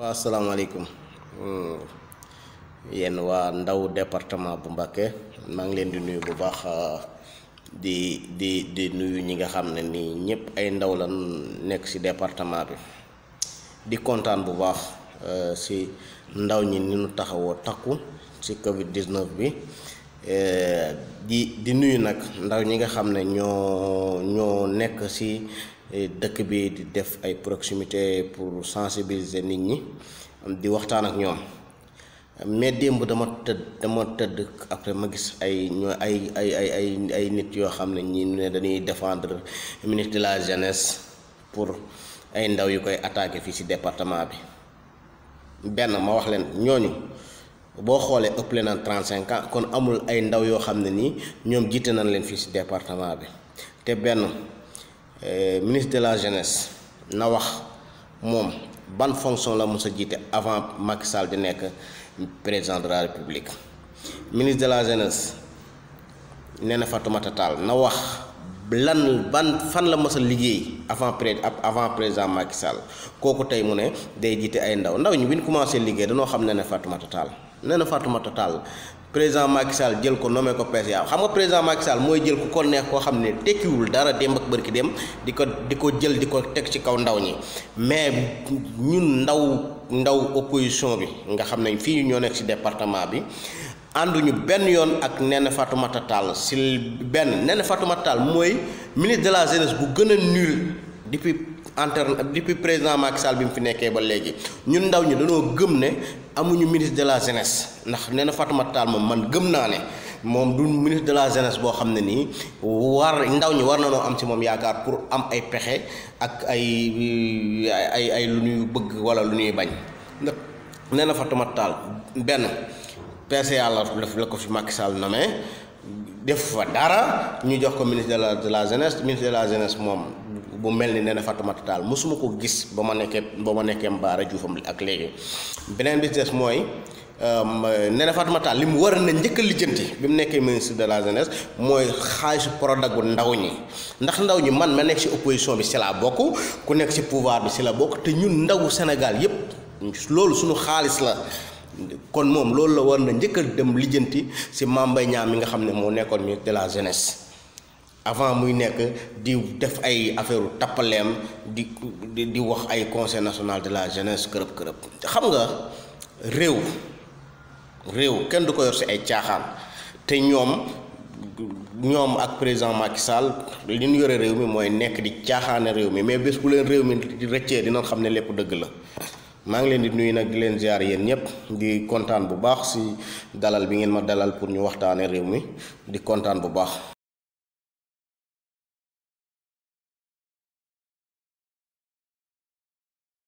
waa asalaamaaleykum hmm. yenn waa ndaw département bu Mbacké maa ngi leen di nuyu bu baax euh, di di di nuyu ñi nga xam ne nii ñëpp ay ndaw la nekk ci département bi di kontaan bu baax si euh, ndaw ñi ni ñu taxawoo takku ci Covid 19 bi euh, di di nuyu nag ndaw ñi nga xam ne ñoo ñoo nekk ci. Eh, dëkk bi di def ay proximité pour sensibiliser nit ñi di waxtaan ak ñoom mais démb dama tëdd dama tëdd après ma gis ay ñoo ay ay ay ay ay nit yoo xam ne ñi ne dañuy défendre ministre de la jeunesse pour ay ndaw yu koy attaqué fii ci département bi benn ma wax leen ñooñu boo xoolee ëpp leen trent trente cinq ans kon amul ay ndaw yoo xam ne nii ñoom jiite nañ leen fii ci département bi te benn Euh, ministre de la jeunesse na wax moom ban fonction la mos a jiite avant Macky Sall di nekk président de la république ministre de la jeunesse nee na Fatoumata Tall na wax lan ban fan la mos a liggéey avant pré avant président Macky Sall kooku tey mu ne day jiite ay ndaw ndaw ñi bi ñu commencé liggéey dañoo xam ne ne Fatoumata Tall nee na Fatoumata Tall président Macky jël ko nommé ko PCA xam nga président Macky mooy jël ko ko neex koo xam ne tekkiwul dara démb ak bërki dem di ko di ko jël di ko teg ci kaw ndaw ñi mais ñun ndaw ndaw opposition bi nga xam ne fii ñoo nekk ci département bi ànduñu benn yoon ak Néné Fatoumata Tall si benn nenn Fatoumata Tall mooy ministre de la jeunesse bu gën a nul depuis. entre depuis président Macky bi mu fi nekkee ba léegi ñun ndaw ñi dañoo gëm ne amuñu ministre de la jeunesse ndax nee na Fatoumata moom man gëm naa ne moom du ministre de la jeunesse boo xam ne nii war ndaw ñi war na noo am si moom yaakaar pour am ay pexe ak ay ay ay lu ñuy bëgg wala lu nuy bañ ndax nee na Fatoumata Tall benn PCA la la ko fi Macky Sall nommé def fa dara ñu jox ko ministre la de la jeunesse ministre de la jeunesse moom. bu mel ni Néné Fatoumata Tall mosuma ko gis ba ma nekkee ba ma nekkee Mbaara Juufam ak léegi beneen business mooy euh, Néné Fatoumata Tall li mu war na njëkk a lijjanti bi mu nekkee ministre de la jeunesse mooy xaalisu Prodac gu ndaw ñi ndax ndaw ñi man ma nekk ci opposition bi ci laa bokk ku nekk ci pouvoir bi ci la bokk te ñun ndawu senegal yépp loolu suñu xaalis la kon moom loolu la war na njëkk dem lijjanti ci Mame Mbaye Niang mi nga xam ne moo nekkoon ministre de la jeunesse avant muy nekk di def ay affaire tappaleem di di wax ay conseil national de la jeunesse kërëb kërëb xam nga réew réew kenn du ko yor si ay caaxaan te ñoom ñoom ak présent président Macky Sall li ñu yore réew mi mooy nekk di caaxaane réew mi mais bés bu leen réew mi di rëccee dina xam ne lépp dëgg la maa ngi leen di nuyu nag di leen ziar yéen ñëpp di kontaan bu baax si dalal bi ngeen ma dalal pour ñu waxtaane réew mi di kontaan bu baax.